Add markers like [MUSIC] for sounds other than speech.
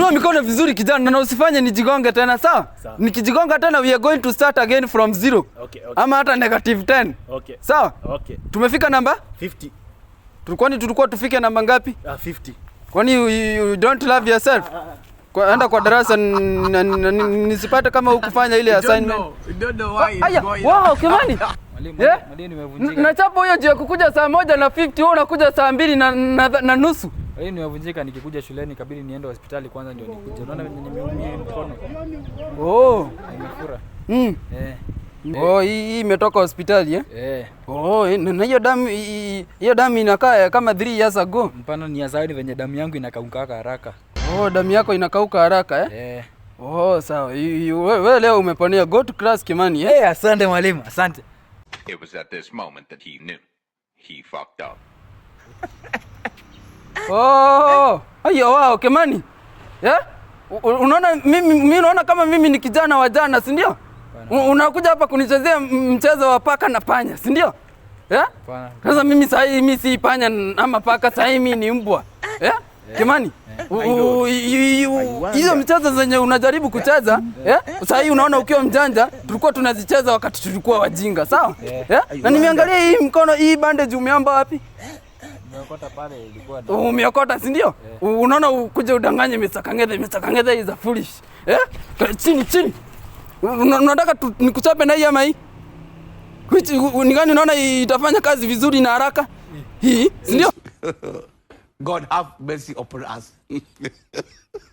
Inua mikono vizuri kijana na usifanye nijigonge tena sawa? Sawa. Nikijigonga tena we are going to start again from zero. Okay, okay. Ama hata negative 10. Okay. Sawa? Okay. Tumefika namba 50. Tulikuwa ni tulikuwa tufike namba ngapi? Ah, uh, 50. Kwani you, you don't love yourself? Kwa, enda kwa darasa nisipate kama hukufanya ile assignment. Don't know why it's going. Wow, Kimani. [LAUGHS] Eh? Mwalimu, mwalimu nimevunjika. Nachapa huyo juu kukuja saa moja na 50 wewe unakuja saa mbili na nusu. Hii niwavunjika nikikuja shuleni kabidi niende hospitali kwanza ndio nikuje. Unaona venye nimeumia mkono. Oh, nimefura. Mm. Eh. Oh, hii hii imetoka hospitali eh? Eh. Oh, eh, na hiyo damu hiyo damu inakaa kama 3 years ago. Mpana ni azari venye damu yangu inakauka haraka. Oh, damu yako inakauka haraka eh? Eh. Oh, sawa. Wewe leo umeponea. Go to class Kimani eh? Eh, asante mwalimu, asante. It was at this moment that he knew. He fucked up. Oh, ayo oh, oh, wao Kemani. Yeah? Unaona mimi mimi naona kama mimi ni kijana wa jana, si ndio? Unakuja hapa kunichezea mchezo wa paka na panya, si ndio? Yeah? Sasa mimi sasa mimi si panya ama paka, sasa mimi ni mbwa. Yeah? Eh. Kimani, hizo mchezo zenye unajaribu kucheza eh. yeah. hii unaona ukiwa mjanja, tulikuwa tunazicheza wakati tulikuwa wajinga, sawa eh. na nimeangalia hii mkono hii bandage umeamba wapi? umeokota si ndio? Yeah. Unaona ukuje udanganye Mr. Kangethe. Mr. Kangethe is a foolish. Eh? Chini chini. Unataka nikuchape na hii ama hii? Kuchi ni gani unaona itafanya kazi vizuri na haraka? Hii, si ndio? [LAUGHS] God have mercy upon us. [LAUGHS]